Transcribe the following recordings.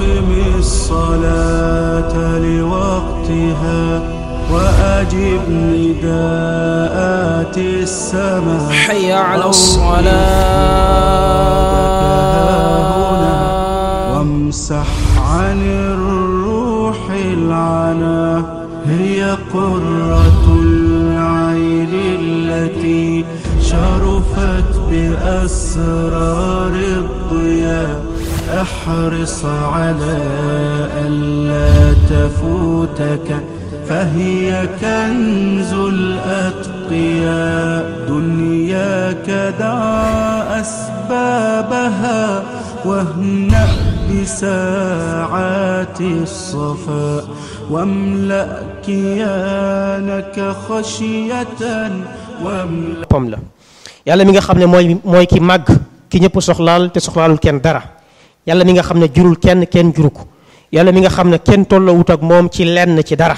وأقم الصلاة لوقتها وأجب نداءات السماء حي على الصلاة وامسح عن الروح العنا هي قرة العين التي شرفت بأسرار الضياء احرص على ألا تفوتك فهي كنز الأتقياء دنياك دع أسبابها واهنأ بساعات الصفاء واملأ كيانك خشية واملأ yàlla mi nga xam ne mooy mooy ki màgg ki ñëpp soxlaal te soxlaalul kenn dara yàlla mi nga xam ne jurul kenn kenn juru ko yàlla mi nga xam ne kenn tolloowut ak moom ci lenn ci dara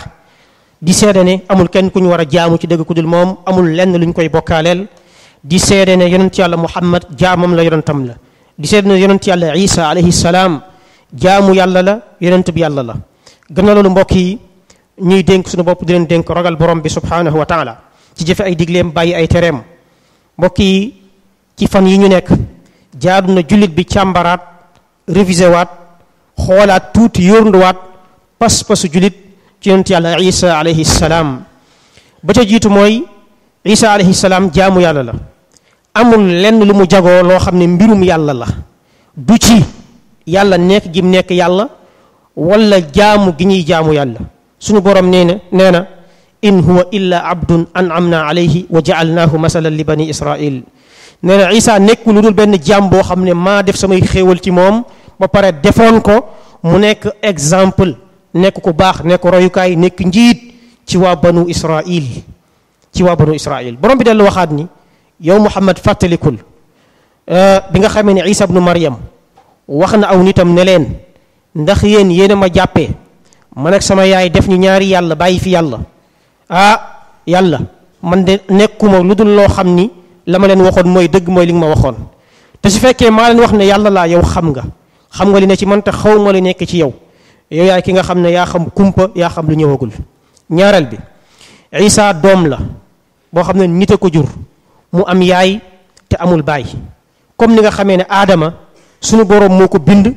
di seede ne amul kenn ku ñu war a jaamu ci dëgg ku moom amul lenn lu ñu koy bokkaaleel di seede ne yonent yàlla muhammad jaamam la yonentam la di seede ne yonent yàlla isa alayhi salaam jaamu yàlla la yonent bi yàlla la gën na loolu mbokk yi ñuy dénk suñu bopp di leen dénk ragal borom bi subhanahu wa taala ci jëfe ay digleem bàyyi ay tereem mbokk yi ci fan yi ñu nekk jaadu na jullit bi càmbaraat révisé waat xoolaat tuuti yóornduwaat pas-pasu julit ci yonent yàlla isa alayhi salaam ba ca jiitu mooy isa alayhi salaam jaamu yàlla la amul lenn lu mu jagoo loo xam ne mbirum yàlla la du ci yàlla nekk gim nekk yàlla walla jaamu gi ñuy jaamu yàlla suñu borom nee ne nee na in huwa illa abdun an'amna alayhi wa ja'alnahu masalan li bani israil nee na isa nekk lu dul benn jaam boo xam ne maa def samay xéewal ci moom ba pare defoon ko mu nekk exemple nekk ku baax nekk royukaay nekk njiit ci waa banu israil ci waa banu israil borom bi dellu waxaat ni yow muhammad fàttalikul euh, bi nga xamee ne isa bnu maryam wax na aw nitam ne leen ndax yéen yéen a ma jàppee ma ak sama yaay def ñu ñaari yàlla bàyyi fi yàlla ah yàlla man de nekkuma lu dul loo xam ni la ma leen waxoon mooy dëgg mooy li nga ma waxoon te su fekkee maa leen wax ne yàlla laa yow xam nga xam nga li ci man te xaw ma li nekk ci yow yow yaay ki nga xam ne yaa xam kumpa yaa xam lu ñëwagul ñaareel bi isa doom la boo xam ne nit a ko jur mu am yaay te amul baay comme ni nga xamee ne aadama suñu boroom moo ko bind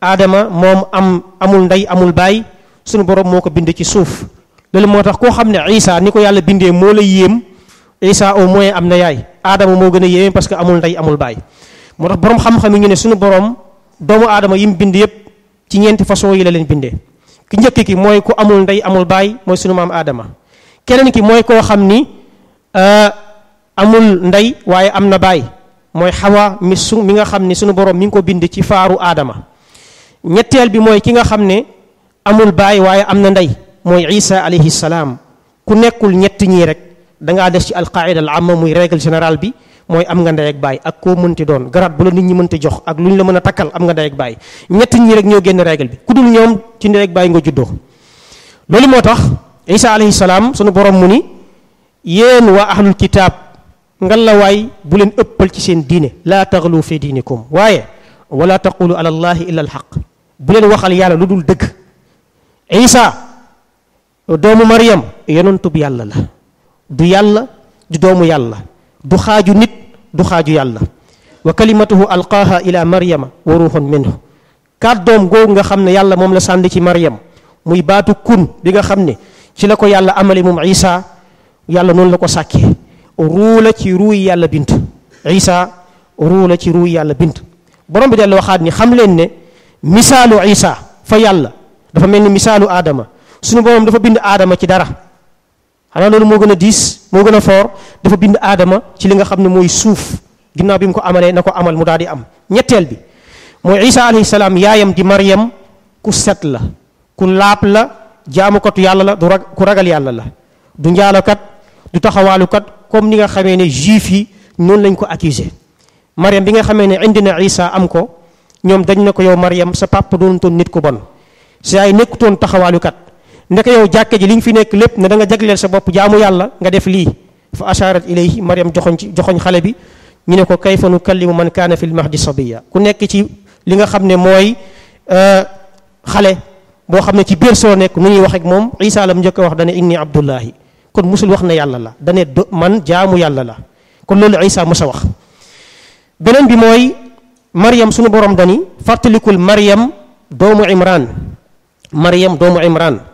aadama moom am amul ndey amul baay suñu boroom moo ko bind ci suuf loolu moo tax koo xam ne isa ni ko yàlla bindee moo la yéem isa au moins am na yaay aadama moo gën a yéeme parce que amul ndey amul baay moo tax boroom xam-xam ñu ne suñu boroom doomu aadama yi mu bind yëpp ci ñeenti façon yi la leen bindee ki njëkk ki mooy ku amul ndey amul baay mooy sunu maam aadama keneen ki mooy koo xam ni euh, amul ndey waaye am na baay mooy xawa mi su mi nga xam ni sunu borom mi ngi ko bind ci faaru aadama ñetteel bi mooy ki nga xam ni amul baay waaye am na ndey mooy isa alayhi salaam ku nekkul ñett ñii rek da ngaa des ci alqaida al amma muy règle générale bi mooy am nga ndey ak baay ak koo mënti doon garaat bu la nit ñi mënti jox ak lu ñu la mën a takkal am nga ndey ak baay ñett ñi rek ñoo génn règle bi ku dul ñoom ci ndey ak baay nga juddoo loolu moo tax isa alayhi salaam sunu borom mu ni yéen waa ahlul kitaab ngalawaay bu leen ëppal ci seen diine laa taxlu fi diinikum waaye wala taqulu ala allahi illa alxaq bu leen waxal yàlla lu dul dëgg isa doomu mariam yonentub yàlla la du yàlla du doomu yàlla du du xaaju yàlla wa kalimatuhu alqaaha ila maryama wa ruuxun minhu kàddoom googu nga xam ne yàlla moom la sànni ci maryam muy baatu kun bi nga xam ne ci la ko yàlla amale moom isa yàlla noonu la ko sàkkee ruu la ci ruuy yàlla bint isa ruu la ci ruuy yàlla bint borom bi dellu waxaat ni xam leen ne misaalu isa fa yàlla dafa mel ni misaalu aadama suñu borom dafa bind aadama ci dara xanaa loolu moo gën a diis moo gën a foor dafa bind aadama ci li nga xam ne mooy suuf ginnaaw bi mu ko amalee na ko amal mu daal di am ñetteel bi mooy isa alayhi salaam yaayam di maryam ku set la ku laab la jaamukatu yàlla la du rag ku ragal yàlla la du njaalokat du taxawaalukat comme ni nga xamee ne juif yi noonu lañ ko accusé maryam bi nga xamee ne indi na isa am ko ñoom dañ ne ko yow maryam sa papa doon toon nit ku bon sa yaay nekkutoon taxawaalukat ndeke yow jàkke ji li nga fi nekk lépp ne danga nga jagleel sa bopp jaamu yàlla nga def lii fa asharat ilayhi mariam joxoñ ci joxoñ xale bi ñu ne ko kayfa nukallimu man kaana fi lmahdi sabiya ku nekk ci li nga xam ne mooy euh, xale boo xam ne ci biir soo nekk nu ñuy wax ak moom isa lam njëkk a wax dana inni abdullahi kon musul wax na yàlla la dane do man jaamu yàlla la kon loolu isa mos a wax beneen bi mooy mariam sunu borom dani fàttalikul mariam doomu imran mariam doomu imran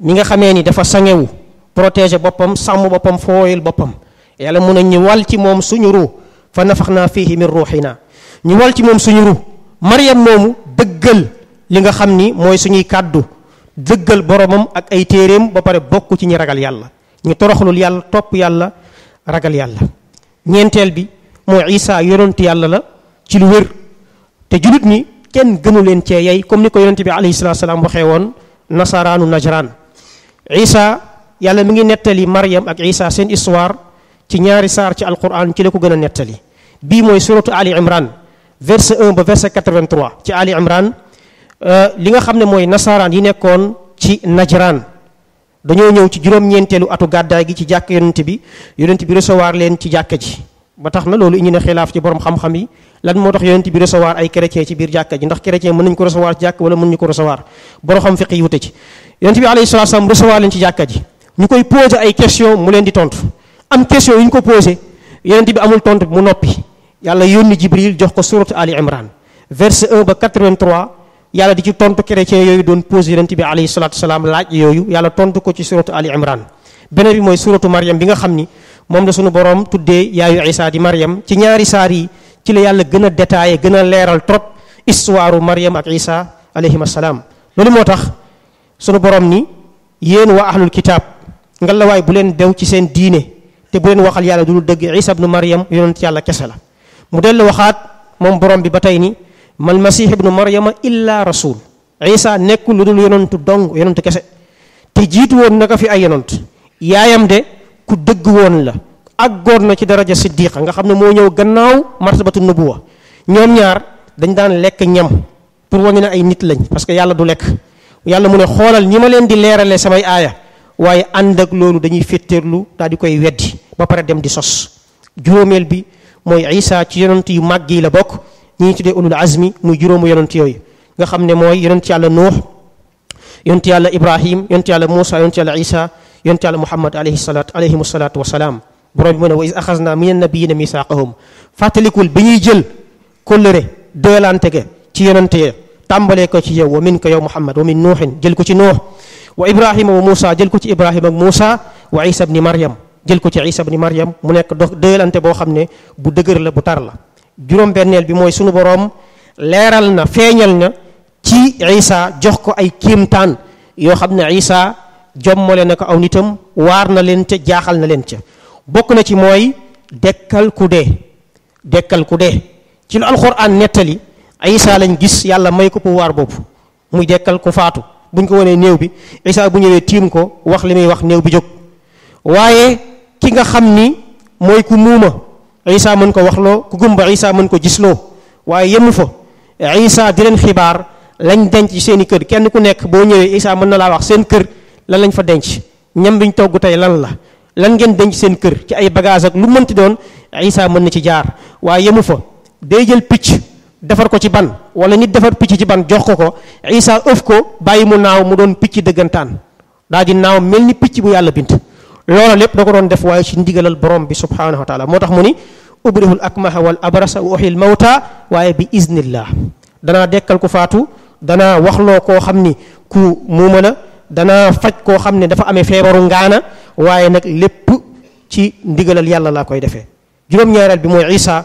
ni nga xamee ni dafa sangewu protéger boppam sàmm boppam fooyul boppam yàlla mun a ñu wal ci moom suñu ruu fa nafax naa fiihi min ruuxina ñu wal ci moom suñu ruu Maryam moomu dëggal li nga xam ni mooy suñuy kàddu dëggal boromam ak ay téeréem ba pare bokk ci ñi ragal yàlla ñu toroxlul yàlla topp yàlla ragal yàlla ñeenteel bi mooy Isa yonent yàlla la ci lu wér te julit ñi kenn gënu leen cee yey comme ni ko yonent bi alayhi salaam waxee woon nasaraanu najraan isa yàlla mi ngi nettali Maryam ak isa seen histoire ci ñaari saar ci alquran ci la ko gën a nettali bii mooy suratu ali imran verset 1 ba verset 83 ci ali imran euh, li nga xam ne mooy nasaraan yi nekkoon ci najran dañoo ñëw ci juróom-ñeenteelu atu gàddaay gi ci jàkk yonent bi yonent bi recevoir leen ci jàkka ji ba tax na loolu indi na xilaaf ci borom xam-xam yi lan moo tax yonent bi recevoir ay chrétien ci biir jàkka ji ndax chrétien mën nañ ko recevoir ci ko recevoir borom xam fiq yi wute ci yonent bi alayhi salatu ci jàkka ji ñu koy posé ay question mu leen di tontu am question yu ñu ko posé yonent bi amul tontu mu noppi yàlla yónni jibril jox ko surat ali imran verset 1 ba 83 yàlla di ci tontu chrétien yooyu doon posé yonent bi alayhi salatu salaam laaj yooyu yàlla tontu ko ci surat ali imran beneen mooy suratu mariam bi nga xam ni moom la suñu borom tuddee yaayu Isa di Maryam ci ñaari saar yi ci la yàlla gën a détaillé gën a leeral trop histoire Maryam ak Isa alayhim assalaam loolu moo tax sunu borom ni yéen waa ahlul kitaab ngalawaay bu leen dew ci seen diine te bu leen waxal yàlla du dul dëgg Isa ibnu Maryam yonent yàlla kese la mu dellu waxaat moom borom bi ba tey ni mal masih ibnu Maryama illa rasul Isa nekkul lu dul yonentu dong yonentu kese te jiitu woon fi ay yonent ku dëgg woon la àggoon na ci daraja siddiqa nga xam ne moo ñëw gannaaw martabatu nubuwa ñoom ñaar dañ daan lekk ñam pour wañu ne ay nit lañ parce que yàlla du lekk yàlla mu ne xoolal ñi ma leen di leeralee samay aaya waaye ànd ak loolu dañuy féttéerlu daal di koy weddi ba pare dem di sos juróomeel bi mooy isa ci yonent yu màgg yi la bokk ñi ñu tuddee ulul azmi muy juróomu yonent yooyu nga xam ne mooy yonent yàlla nuux yonent yàlla ibrahim yonent yàlla muusa yonent yàlla isa yonent Yàlla Muhammad alayhi salaatu alayhimu salaatu wa salaam borom bi mu ne wa is axasna min annabiyina misaaqahum fàttalikul bi ñuy jël kóllëre doyalante ge ci yonante ye tàmbalee ko ci yow wa min ko yow Muhammad wa min nuuxin jël ko ci nuux wa Ibrahima wa Moussa jël ko ci Ibrahima ak Moussa wa Isa bni Maryam jël ko ci Isa bni Maryam mu nekk dox doyalante boo xam ne bu dëgër la bu tar la juróom-benneel bi mooy sunu borom leeral na feeñal na ci Isa jox ko ay kéemtaan yoo xam ne Isa. jommale leen ko aw nitam waar na leen ca jaaxal na leen ca bokk na ci mooy dekkal ku dee dekkal ku dee ci lu alxuraan nettali Isaa lañ gis yàlla may ko waar boobu muy dekkal ku faatu buñ ko wanee néew bi Isaa bu ñëwee tiim ko wax li muy wax néew bi jóg waaye ki nga xam ni mooy ku muuma Isaa mën ko wax loo ku gumba Isaa mën ko gis gisloo waaye yemu fa Isaa di leen xibaar lañ denc seeni kër kenn ku nekk boo ñëwee Isaa mën na laa wax seen kër lan lañ fa denc ñam biñ togg tey lan la lan ngeen denc seen kër ci ay bagage ak lu mënti doon Isa mën na ci jaar waaye yemu fa day jël picc defar ko ci ban wala nit defar picc ci ban jox ko ko Isa ëf ko bàyyi mu naaw mu doon picc dëggantaan daa di naaw mel ni picc bu yàlla bind loola lépp da ko doon def waaye ci ndigalal borom bi subhanahu wa taala moo tax mu ni ubrihul akmaha wal abrasa wa uxil mawta waaye bi iznillah danaa dekkal ku faatu danaa waxloo koo xam ni ku muuma la dana faj koo xam ne dafa amee feebaru ngaana waaye nag lépp ci ndigalal yàlla laa koy defee juróom-ñaareel bi mooy isa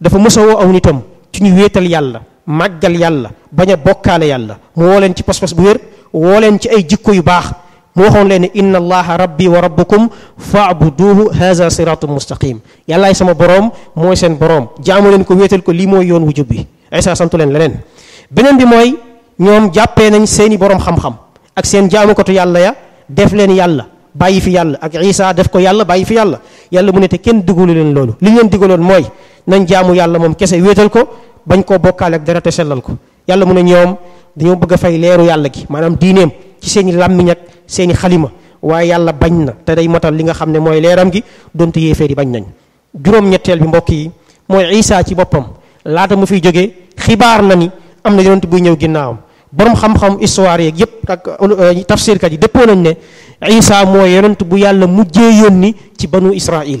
dafa woo aw nitam ci ñu wéetal yàlla màggal yàlla bañ a bokkaale yàlla mu woo leen ci pas-pas bu wér woo leen ci ay jikko yu baax mu waxoon leen ne inna allaha rabbi wa rabbukum faabuduhu haza siratun mustaqim yàllaay sama boroom mooy seen boroom jaamu leen ko wéetal ko lii mooy yoon wu jub bi isa santu leen leneen beneen bi mooy ñoom jàppee nañ seeni boroom xam-xam ak seen jaamukatu yàlla ya def leen yàlla bàyyi fi yàlla ak isa def ko yàlla bàyyi fi yàlla yàlla mu ne te kenn digalu leen loolu li ñu leen digaloon mooy nañ jaamu yàlla moom kese wéetal ko bañ koo bokkaale ak dara te sellal ko yàlla mu ne ñoom dañoo bëgg a fay leeru yàlla gi maanaam diineem ci seen i làmmiñ ak seen i xalima waaye yàlla bañ na te day matal li nga xam ne mooy leeram gi donte yéeféer yi bañ nañ juróom-ñetteel bi mbokk yi mooy isa ci boppam laata mu fiy jógee xibaar na ni am na yonent buy ñëw ginnaawam borom xam-xam histoire yeeg yépp ak euh, kat yi dëppoo nañ ne isa moo yonent bu yàlla mujjee yónni ci banu israil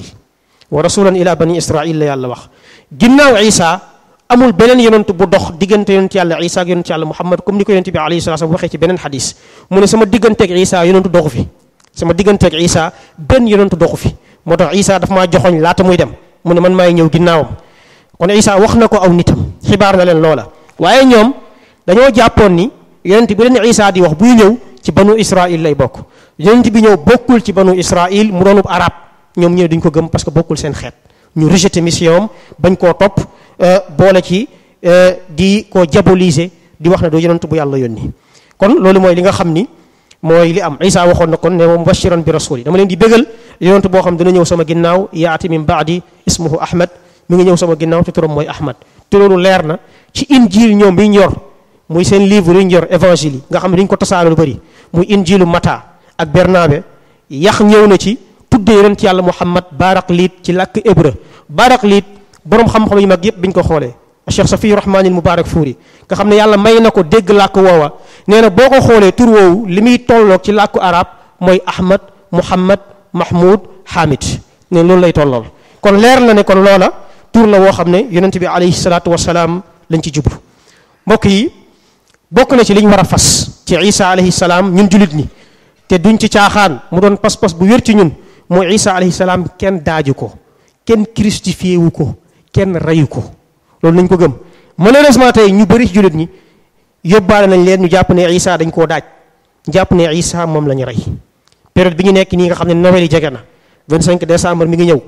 wa rasulan ila bani israil la yàlla wax ginnaaw isa amul beneen yeneentu bu dox diggante yonent yàlla isa ak yonent yàlla muhammad comme ni ko yonent bi alayhi salatu wasallam waxee ci beneen xadis mu ne sama digganteeg isa yonentu doxu fi sama digganteeg isa benn yonentu doxu fi moo tax isa dafa maa joxoñ laata muy dem mu ne man maay ñëw ginnaawam kon isa wax na ko aw nitam xibaar na leen loola waaye dañoo jàppoon ni yonent bi leen Isa di wax buy ñëw ci banu Israil lay bokk yonent bi ñëw bokkul ci banu Israil mu doonub arab ñoom ñu ne duñ ko gëm parce que bokkul seen xeet ñu rejeté mission bañ koo topp euh, boole ci euh, di ko diaboliser di wax na doo yonent bu yàlla yoon yónni kon loolu mooy li nga xam ni mooy li am Isa waxoon na kon ne wa mubashiran bi rasuli dama leen di bégal yonent boo xam dina ñëw sama ginnaaw yaati min baadi ismuhu Ahmad mu ngi ñëw sama ginnaaw te turam mooy Ahmad te loolu leer na ci injil ñoom bi ñor muy seen livre yu ñu yor yi nga xam ne dañu ko tasaare lu bëri muy injilu Mata ak Bernabe yax ñëw na ci tuddee yonent yàlla Muhammad liit ci làkk hébreu liit borom xam-xam yu mag yëpp biñ ko xoolee. Cheikh Safiyu Rahmaanil Mubaarak Fuuri nga xam ne yàlla may na ko dégg làkk woowa nee na boo ko xoolee tur woowu li muy tolloog ci làkku araab mooy Ahmad Muhammad Mahmoud Hamid ne loolu lay tollool kon leer na ne kon loola tur la woo xam ne yonent bi alayhi salaatu salaam lañ ci jublu mbokk yi. bokk na ci liñ war a fas ci isa alayhi salaam ñun jullit ni te duñ ci caaxaan mu doon pas-pas bu wér ci ñun mooy isa alayhi salaam kenn daaju ko kenn crucifié wu ko kenn reyu ko loolu nañ ko gëm malheureusement tey ñu bëri ci jullit ñi yóbbaale nañ leen ñu jàpp ne isa dañ koo daaj jàpp ne isa moom la ñu rey période bi ñu nekk nii nga xam ne Noël yi jege na 25 décembre mi ngi ñëw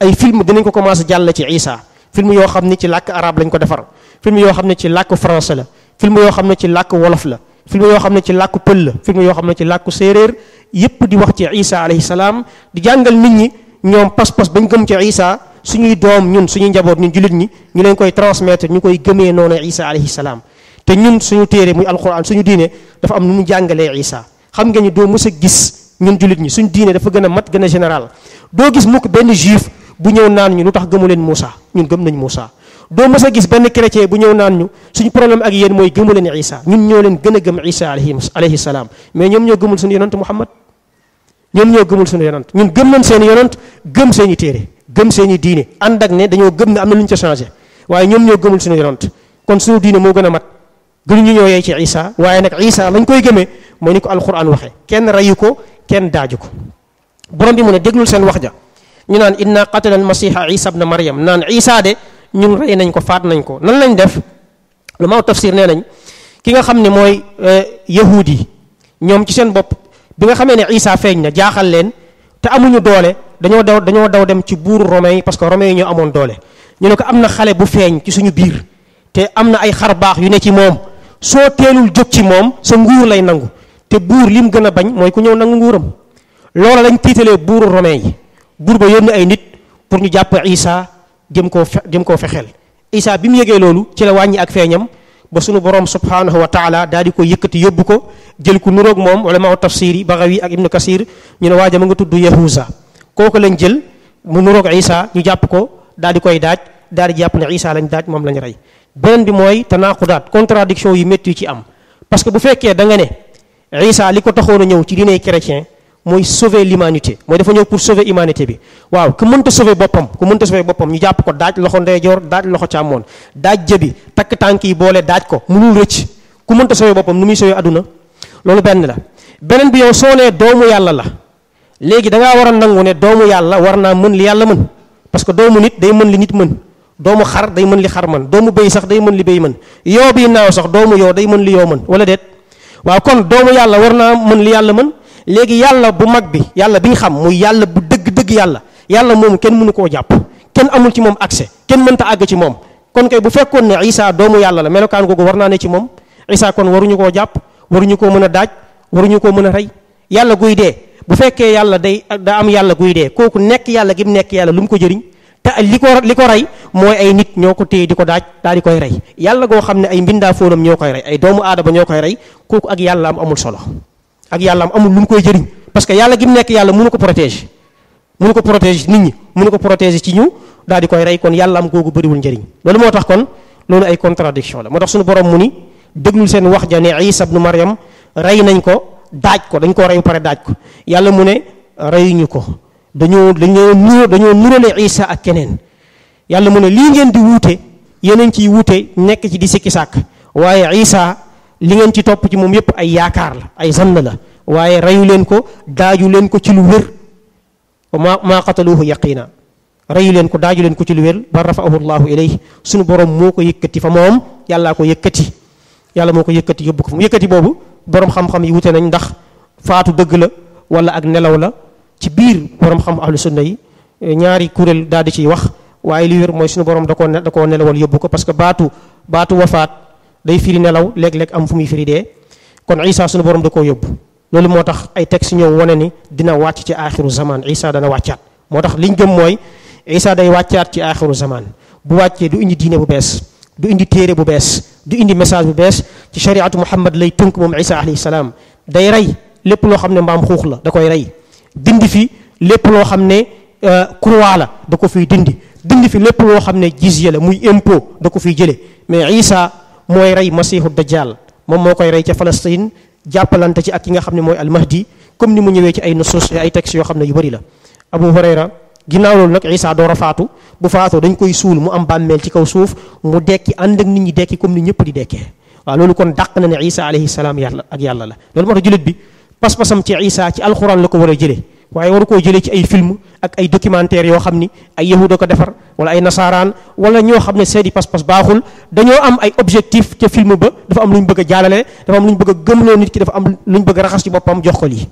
ay film dinañ ko commencé jàll ci isa film yoo xam ne ci làkk arabe lañ ko defar film yoo xam ne ci làkk français la film yoo xam ne ci làkk wolof la film yoo xam ne ci làkk pël la film yoo xam ne ci làkku séeréer yépp di wax ci isa alayhi salaam di jàngal nit ñi ñoom pas-pas bañ gëm ci isa suñuy doom ñun suñuy njaboot ñun jullit ñi ñu leen koy transmettre ñu koy gëmee noonu isa alayhi salaam te ñun suñu téere muy alquran suñu diinee dafa am nu mu jàngalee isa xam nga ni doo mës a gis ñun jullit ñi suñ diine dafa gën a mat gën a général doo gis mukk benn juif bu ñëw naan ñu lu tax gëmu leen Moussa ñun gëm nañ Moussa doo mës a gis benn chrétien bu ñëw naan ñu suñ problème ak yéen mooy gëmu leen Isa ñun ñoo leen gën a gëm Isa alayhi salaam mais ñoom ñoo gëmul suñu yonant Muhammad ñoom ñoo gëmul suñu yonant ñun gëm nañ seen yonant gëm seen i téere gëm seen i diine ànd ak ne dañoo gëm ne am na lu ñu ca changé waaye ñoom ñoo gëmul suñu yonant kon suñu diine moo gën a mat gënuñu ñoo yey ci Isa waaye nag isaa lañ koy gëmee moo ni ko al alquran waxee kenn rayu ko kenn daaju ko borom bi mu ne déglul seen wax ja ñu naan inna qatala almasiha isa bna maryam naan isa de ñun rey nañ ko faat nañ ko nan lañ def lu maaw tafsir nee nañ ki nga xam ne mooy euh, yahuud yi ñoom ci seen bopp bi nga xamee ne Isa feeñ na jaaxal leen te amuñu doole dañoo daw dañoo daw dem ci buuru romain yi parce que romain yi ñoo amoon doole ñu ne ko am na xale bu feeñ ci suñu biir te am na ay xar baax yu ne ci moom soo teelul jóg ci moom sa nguur lay nangu te buur li mu gën a bañ mooy ku ñëw nangu nguuram loola lañ tiitalee buuru romain yi buur ba yónni ay nit pour ñu jàpp Isa jëm koo fe jëm koo fexeel Isa bi mu yëgee loolu ci la wàññi ak feeñam ba suñu borom subhanahu wa taala daal di ko yëkkati yóbbu ko jël ku nuroog moom ulama tafsir yi Bagawi ak Ibnu Kasir ñu ne waaja ma nga tudd Yahuza kooku lañ jël mu nuroog Isa ñu jàpp ko daal di koy daaj daal di jàpp ne Isa lañ daaj moom lañ rey beneen bi mooy tanaaqudaat contradiction yi métti yu ci am parce que bu fekkee da nga ne Isa li ko taxoon a ñëw ci diine chrétien mooy sauver l'humanité mooy dafa ñëw pour sauver humanité bi waaw ku mënta sauver boppam ku mënta sauver boppam ñu jàpp ko daaj loxo ndeyjoor daaj loxo càmmoon daaj jëbi takk tànk yi boole daaj ko mënul rëcc ku mënta sauver boppam nu muy sauver àdduna loolu benn la beneen bi yow soo nee doomu yàlla la léegi dangaa ngaa war a nangu ne doomu yàlla war naa mën li yàlla mën parce que doomu nit day mën li nit mën doomu xar day mën li xar mën doomu béy sax day mën li béy mën yoo bi naaw sax doomu yoo day mën li yoo mën wala déet waaw mën li yàlla mën léegi yàlla bu mag bi yàlla bi ñu xam muy yàlla bu dëgg-dëgg yàlla yàlla moom kenn mënu koo jàpp kenn amul ci moom accès kenn mënta àgg ci moom kon kay bu fekkoon ne Isa doomu yàlla la melokaan googu war naa ne ci moom Isa kon waruñu koo jàpp waruñu koo mën a daaj waruñu koo mën a rey yàlla guy dee bu fekkee yàlla day da am yàlla guy dee kooku nekk yàlla gim mu nekk yàlla lu mu ko jëriñ te li ko li ko rey mooy ay nit ñoo ko téye di ko daaj daal di koy rey yàlla goo xam ne ay mbindaa fóonam ñoo koy rey ay doomu aadama ñoo koy rey kooku ak yàlla am amul solo ak yàlla am amul lu mu koy jëriñ parce que yàlla gi mu nekk yàlla mënu ko protéger mënu ko protéger nit ñi mënu ko protéger ci ñu daal di koy rey kon yàlla am googu bëriwul njëriñ loolu moo tax kon loolu ay contradiction la moo tax suñu borom mu ni déglul seen wax ja ne Isa ibnu Maryam rey nañ ko daaj ko dañ koo rey pare daaj ko yàlla mu ne reyuñu ko dañoo dañoo nuro dañoo nurale Isa ak keneen yàlla mu ne lii ngeen di wuute yeneen ciy wuute nekk ci di sikki li ngeen ci topp ci moom yépp ay yaakaar la ay zann la waaye reyu leen ko daaju leen ko ci lu wér ma maa qataluuhu yaqiina reyu leen ko daaju leen ko ci lu wér ba rafaahu llahu ilayhi suñu borom moo ko yëkkati fa moom yàllaa ko yëkkati yàlla moo ko yëkkati yóbbu ko fa mu yëkkati boobu borom xam-xam yi wute nañ ndax faatu dëgg la wala ak nelaw la ci biir borom xam ahlu sunna yi ñaari kuréel daal di ciy wax waaye li wér mooy suñu borom da koo da koo nelawal yóbbu ko parce que baatu baatu wafaat day firi nelaw léeg-léeg am fu muy firi dee kon isa suñu borom da koo yóbbu loolu moo tax ay textes ñëw wane ni dina wàcc ci aaxiru zaman isa dana wàccaat moo tax liñ gëm mooy isa day wàccaat ci aaxiru zaman bu wàccee du indi diine bu bees du indi téere bu bees du indi message bu bees ci shariatu muhammad lay tënk moom isa alayhi salaam day rey lépp loo xam ne mbaam xuux la da koy rey dindi fi lépp loo xam ne euh, croix la da ko fi dindi dindi fi lépp loo xam ne jizya la muy impôt da ko fiy jële mooy rey masiixu dajjal moom moo koy rey ca Palestine jàppalante ci ak ki nga xam ne mooy almahdi comme ni mu ñëwee ci ay nusus ay textes yoo xam ne yu bari la Abu Hurayra ginnaaw loolu nag Isa door a faatu bu faatoo dañ koy suul mu am bàmmeel ci kaw suuf mu dekki ànd ak nit ñi dekki comme ni ñëpp di dekke waaw loolu kon dàq na ne Isa alayhi yàlla ak yàlla la loolu moo tax jullit bi pas-pasam ci Isa ci alxuraan la ko war a jëlee waaye waru koo jëlee ci ay film ak ay documentaire yoo xam ni ay yahuda ko defar wala ay nasaaraan wala ñoo xam ne seeni pas-pas baaxul dañoo am ay objectif ca film ba dafa am lu ñu bëgg a jaalale dafa am lu ñu bëgg a gëmloo nit ki dafa am lu ñu bëgg a raxas ci boppam jox ko lii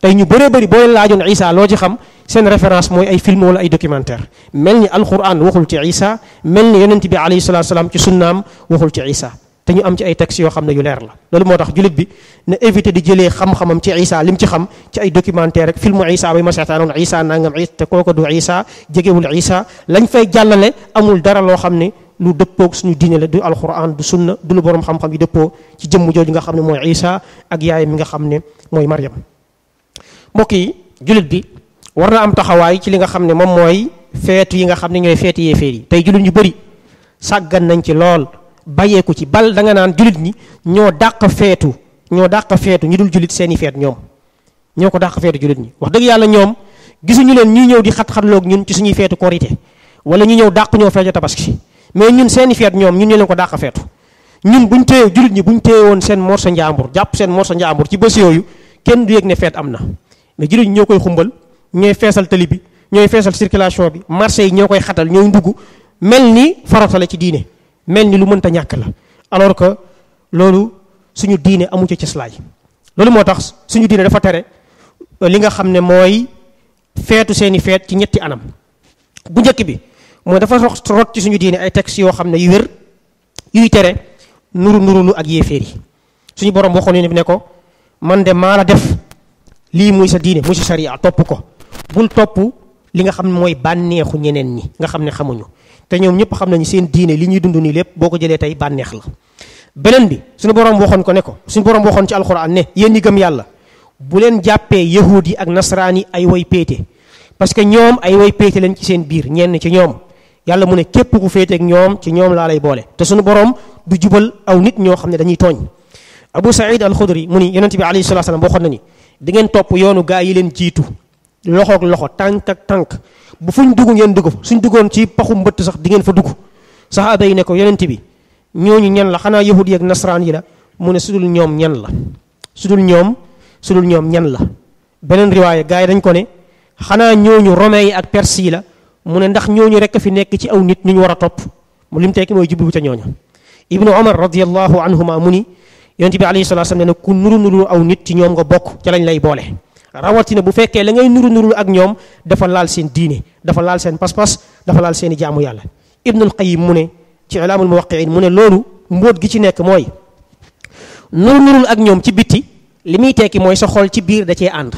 tey ñu bëree bëri boo leen laajoon Isa loo ci xam seen référence mooy ay film wala ay documentaire mel ni alquran waxul ci Isa mel ni yonent bi alayhi salaatu salaam ci sunnaam waxul ci Isa te ñu am ci ay textes yoo xam ne yu leer la loolu moo tax jullit bi na éviter di jëlee xam-xamam ci Isa lim ci xam ci ay documentaire rek filmu Isa bay ma seetaanoon Isa nangam te kooku du Isa jegewul Isa lañ fay jàllale amul dara loo xam ne lu dëppoog suñu diine la du alquran du sunna du lu borom xam-xam dëppoo ci jëmm jooju nga xam ne mooy Isa ak yaay mi nga xam ne mooy Maryam mbokk yi jullit bi war na am taxawaay ci li nga xam ne moom mooy feetu yi nga xam ne ñooy feeti yéeféer yi tey jullit ñu bëri sàggan nañ ci lool bàyyeeku ci bal da nga naan julit ñi ñoo dàq feetu ñoo dàq feetu ñu dul julit seeni feet ñoom ñoo ko dàq feetu julit ñi wax dëgg yàlla ñoom gisuñu leen ñuy ñëw di xat-xatloog ñun ci suñuy feetu korite wala ñu ñëw dàq ñoo feetu tabaski mais ñun seeni feet ñoom ñun ñu leen ko dàq feetu ñun bu ñu téye julit ñi buñ téye woon seen morso njaambur jàpp seen morso njaambur ci bés yooyu kenn du yëg ne feet am na mais julit ñi ñoo koy xumbal ñooy feesal tali bi ñooy feesal circulation bi marché yi ñoo koy xatal ñooy ndugg mel ni farata la ci diine mel ni lu mënta ñàkk la alors que loolu suñu diine amu ci cëslaay loolu moo tax suñu diine dafa tere euh, li nga xam ne mooy feetu seeni feet ci ñetti anam bu njëkk bi mooy dafa rot ci suñu diine ay textes yoo xam ne yu wér yuy tere nuru nurulu ak yéeféer yi suñu borom waxoon ne ne ko man de maa la def lii muy sa diine muy sa sariya topp ko bul topp li nga xam ne mooy bànneexu ñeneen ñi nga xam ne xamuñu te ñoom ñëpp xam nañu seen diine li ñuy dund nii lépp boo ko jëlee tey bànneex la beneen bi suñu borom waxoon ko ne ko suñu borom waxoon ci alxuraan ne yéen ñi gëm yàlla bu leen jàppee yahuud yi ak nasaraan yi ay woy péete parce que ñoom ay woy péete leen ci seen biir ñenn ci ñoom yàlla mu ne képp ku féete ak ñoom ci ñoom laa lay boole te suñu borom du jubal aw nit ñoo xam ne dañuy tooñ Abu Saïd al Xudri mu ni yonent bi alayhi salaatu wa salaam waxoon na ni di ngeen yoonu gaa yi leen jiitu loxoog loxo tànk ak tànk bu fuñ dugg ngeen dugg fa suñ duggoon ci paxu mbëtt sax di ngeen fa dugg saxaaba yi ne ko yonent bi ñooñu ñan la xanaa yahud yi ak nasaraan yi la mu ne sudul ñoom ñan la sudul ñoom sudul ñoom ñan la beneen riwaaya gars yi dañ ko ne xanaa ñooñu romain yi ak perse yi la mu ne ndax ñooñu rekk fi nekk ci aw nit ñu ñu war a topp mu lim tekki mooy jubbu ca ñooña ibnu omar radiallahu anhuma mu ni yonent bi alayhi salaam ne ku nuru nuru aw nit ci ñoom nga bokk ca lañ lay boole rawatina bu fekkee la ngay nuru nurul ak ñoom dafa laal seen diine dafa laal seen pas-pas dafa laal seen i jaamu yàlla ibnul qayim mu ne ci ilaamul muwaqiin mu ne loolu mbóot gi ci nekk mooy nuru nurul ak ñoom ci bitti li muy tekki mooy sa xol ci biir da cee ànd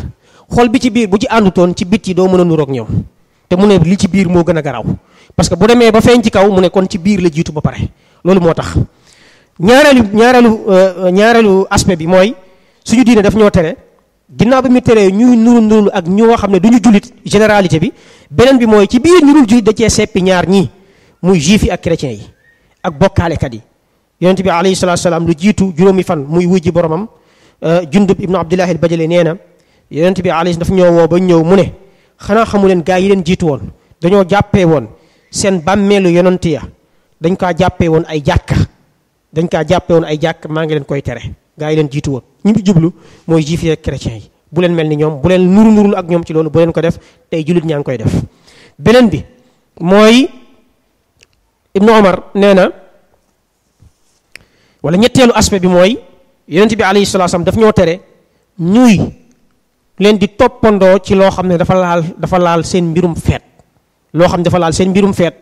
xol bi ci biir bu ci àndutoon ci bitti doo mën a nuroog ñoom te mu ne li ci biir moo gën a garaaw parce que bu demee ba feeñ ci kaw mu ne kon ci biir la jiitu ba pare loolu moo tax ñaareelu ñaareelu euh, euh, ñaareelu aspect bi mooy suñu diine daf ñoo tere ginnaaw bi mu teree ñuy nuru nurul ak ñoo xam ne du ñu jullit généralité bi beneen bi mooy ci biir nurul jullit da cee seppi ñaar ñii muy juif yi ak chrétien yi ak bokkaalekat yi yonente bi alayhi salatu salaam lu jiitu juróomi fan muy wujji boromam euh, jundub ibnu abdillahi al bajali nee na yonente bi alayhi dafa ñoo woo ba ñëw mu ne xanaa xamu leen gaa yi leen jiitu woon dañoo jàppee woon seen bàmmeelu yonent ya dañ kaa jàppee woon ay jàkka dañ kaa jàppee woon ay jàkk maa ngi leen koy tere gaa yi leen jiitu woon ñi mu jublu mooy juif yi ak yi bu leen mel ni ñoom bu leen nuru nurul ak ñoom ci loolu bu leen ko def tey jullit ñaa ngi koy def beneen bi mooy ibnu omar nee na wala ñetteelu aspect bi mooy yonent bi alayhi salaatu salaam daf ñoo tere ñuy leen di toppandoo ci loo xam ne dafa laal dafa laal seen mbirum feet loo xam ne dafa laal seen mbirum feet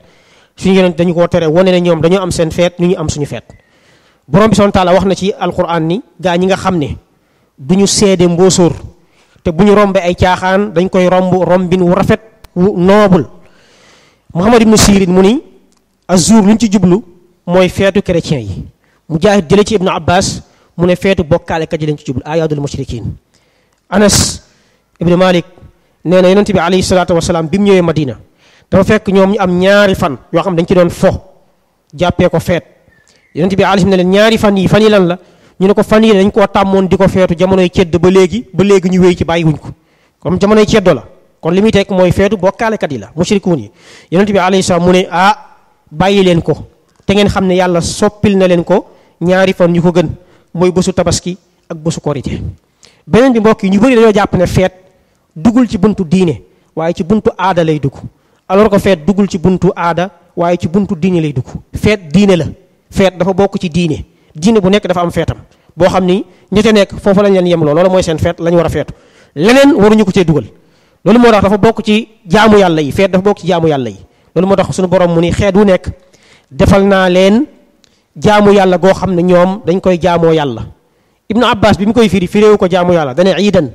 suñu yonent dañu koo tere wane ne ñoom dañoo am seen feet ñu ñu am suñu feet borom bi subhaanahu taala wax na ci alquran ni gaa ñi nga xam ne du ñu seede mboosóor te bu ñu rombe ay caaxaan dañ koy romb rombin wu rafet wu noobul Muhammad ibnu Sirin mu ni azur lu ñu ci jublu mooy feetu chrétien yi Mujaahid jële ci ibnu Abbas mu ne feetu bokkaale kat yi lañ ci jublu ayaadul mushrikin Anas ibnu Malik nee na yonente bi alayhi salaatu wasalaam bi mu ñëwee Madina dafa fekk ñoom ñu am ñaari fan yoo xam dañ ci doon fo jàppee ko feet yonent bi alayhi na leen ñaari fan yi fan yi lan la ñu ne ko fan yi dañ koo tàmmoon di ko feetu jamonoy cedd ba léegi ba léegi ñu wéy ci bàyyiwuñ ko comme jamonoy ceddo la kon li muy teg mooy feetu bokkaalekat yi la mushrikuun yi yonent bi alayhi salaam mu ne ah bàyyi leen ko te ngeen xam ne yàlla soppil na leen ko ñaari fan yu ko gën mooy bésu tabaski ak bësu korite beneen bi mbokk yi ñu bëri dañoo jàpp ne feet duggul ci buntu diine waaye ci buntu aada lay dugg alors que feet dugul ci buntu aada waaye ci buntu diine lay dugg feet diine la feet dafa bokk ci diine diine bu nekk dafa am feetam boo xam ni ñi ca nekk foofu lañ leen yemloo loolu mooy seen feet lañu ñu war a feetu leneen waruñu ko cee dugal loolu moo tax dafa bokk ci jaamu yàlla yi feet dafa bokk ci jaamu yàlla yi loolu moo tax suñu borom mu ni xeet nekk defal naa leen jaamu yàlla goo xam ne ñoom dañ koy jaamoo yàlla ibnu abbas bi mu koy firi firéewu ko jaamu yàlla dane iidan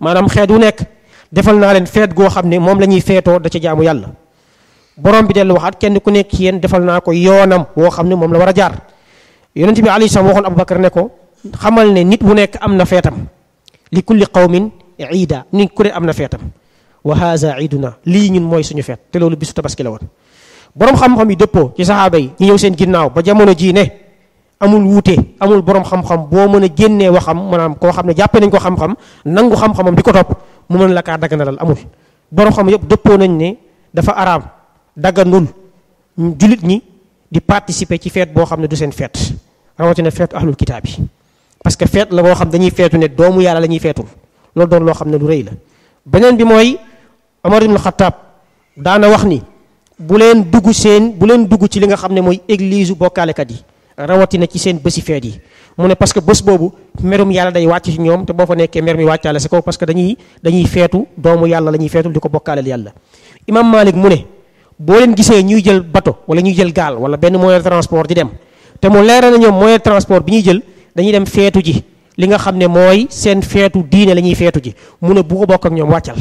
maanaam xeet wu nekk defal naa leen feet goo xam ne moom la ñuy feetoo da ca jaamu yàlla borom bi dellu waxaat kenn ku nekk ci yéen defal naa ko yoonam woo xam ne moom la war a jaar yonent bi alayhi salaam waxoon Abubakar ne ko xamal ne nit bu nekk am na feetam li kulli qawmin min nit ku ne am na feetam wa haza iiduna lii ñun mooy suñu feet te loolu bisu tabaski la woon borom xam-xam yi dëppoo ci saxaaba yi ñu ñëw seen ginnaaw ba jamono jii ne amul wuute amul borom xam-xam boo mën a génnee waxam maanaam koo xam ne jàppee nañ ko xam-xam nangu xam-xamam di ko topp mu mën la kaa daganalal amul borom xam yëpp dëppoo nañ ne dafa araam dagganul jullit ni di participer ci feet boo xam ne du seen feet rawatina feetu ahlul kitaab yi parce que feet la boo xam ne dañuy feetu ne doomu yàlla la ñuy feetul loolu doon loo xam ne lu rëy la beneen bi mooy Omar ibn Khattab daana wax ni bu leen dugg seen bu leen dugg ci li nga xam ne mooy église bokkaalekat yi rawatina ci seen bési yi mu ne parce que bés boobu merum yàlla day wàcc ci ñoom te boo fa nekkee mer mi wàccaale sa kaw parce que dañuy dañuy feetu doomu yàlla la ñuy feetul di ko bokkaaleel yàlla imam Malik mu ne boo leen gisee ñuy jël bato wala ñuy jël gaal wala benn moyen de transport di dem te mu leeral na ñoom moyen de transport bi ñuy jël dañuy dem feetu ji li nga xam ne mooy seen feetu diine la ñuy feetu ji mu ne bu ko bokk ak ñoom wàccal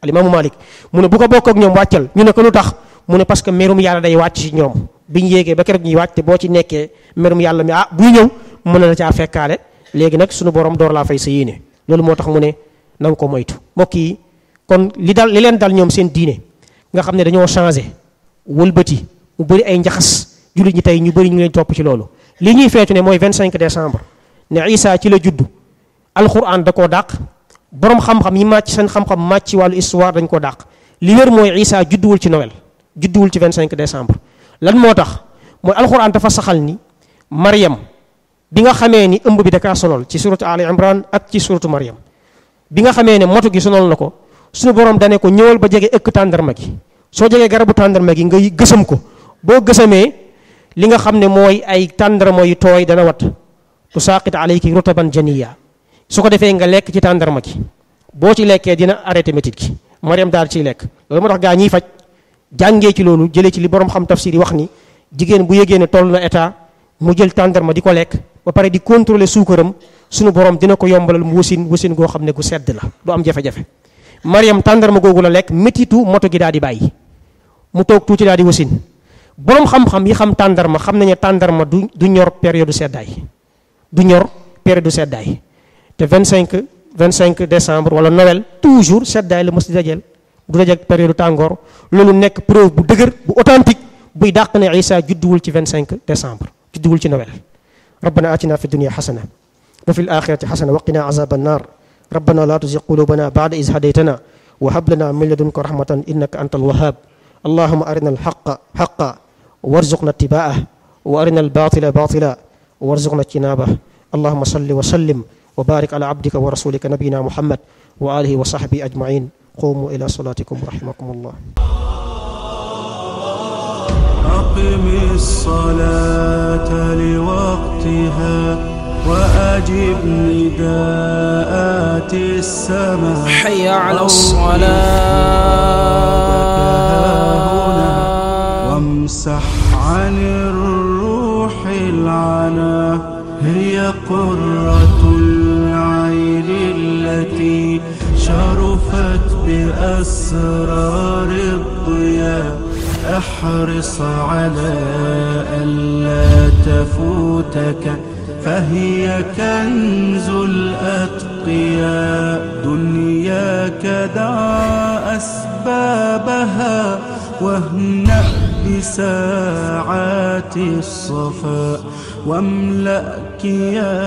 alimaamu Malik mu ne bu ko bokk ak ñoom wàccal ñu ne ko lu tax mu ne parce que merum yàlla day wàcc ci ñoom bi ñu yéegee ba keroog ñuy wàcc te boo ci nekkee merum yàlla mi ah buy ñëw mën na la caa fekkaale léegi nag suñu borom door laa fay sa yéene loolu moo tax mu ne na ko moytu mbokk yi kon li dal li leen dal ñoom seen diine nga xam ne dañoo changé wëlbati mu bëri ay njaxas jullit ñi tey ñu bëri ñu ngi leen topp ci loolu li ñuy feetu ne mooy 25 décembre ne Isa ci la juddu alxuraan da koo dàq borom xam-xam yi màcc seen xam-xam màcc ci wàllu histoire dañ koo dàq li wér mooy Isa judduwul ci Noël judduwul ci 25 décembre lan moo tax mooy alxuraan dafa saxal ni Maryam bi nga xamee ni ëmb bi da kaa sonal ci suratu Ali Imran ak ci suratu Maryam bi nga xamee ne motu gi sonal na ko. suñu borom dane ko ñëwal ba jege ëkk tàndarma gi soo jegee garabu tàndarma gi ngay gësam ko boo gësëmee li nga xam ne mooy ay tàndarma yu tooy dana wat tu saaqit alayki rutaban janiya su ko defee nga lekk ci tàndarma gi boo ci lekkee dina arrêté métit gi mariam daal ciy lekk loolu ma tax gaa ñiy faj jàngee ci loolu jëlee ci li borom xam tafsir yi wax ni jigéen bu yégee ne toll na état mu jël tàndarma di ko lekk ba pare di contrôler suukaram suñu borom dina ko yombalal mu wasin wasin goo xam ne gu sedd la du am jafe Mariam tàndarma googu la lekk métitu moto gi daal di bàyyi mu toog tuuti daal di wasin boroom xam-xam yi xam tàndarma xam nañu tàndarma du du ñor période seddaay du ñor période seddaay te cinq 25 cinq décembre wala Noël toujours seddaay la mës di dajeel du dajeel période tàngoor loolu nekk preuve bu dëgër bu authentique buy dàq ne Isa judduwul ci cinq décembre judduwul ci Noël rabbana atina fi dunya xasana wa fi l axirati xasana waqina azaba annar rabbana la tuzigh qulubana ba'da idh hadaytana wa hab lana min ladunka rahmatan innaka antal wahhab allahumma arina al-haqqa haqqan warzuqna ittiba'ahu wa arina al-batila batilan warzuqna ijtinabahu allahumma salli wa sallim wa barik ala abdika wa rasulika nabiyyina muhammad wa alihi wa sahbihi ajma'in qumu ila salatikum rahimakumullah أقم الصلاة لوقتها وأجب نداءها السماء حي على الصلاة وامسح عن الروح العنا هي قرة العين التي شرفت بأسرار الضياء احرص على ألا تفوتك فهي كنز الأتقى بقيا دنياك دعا أسبابها واهنأ بساعات الصفا واملأ كيا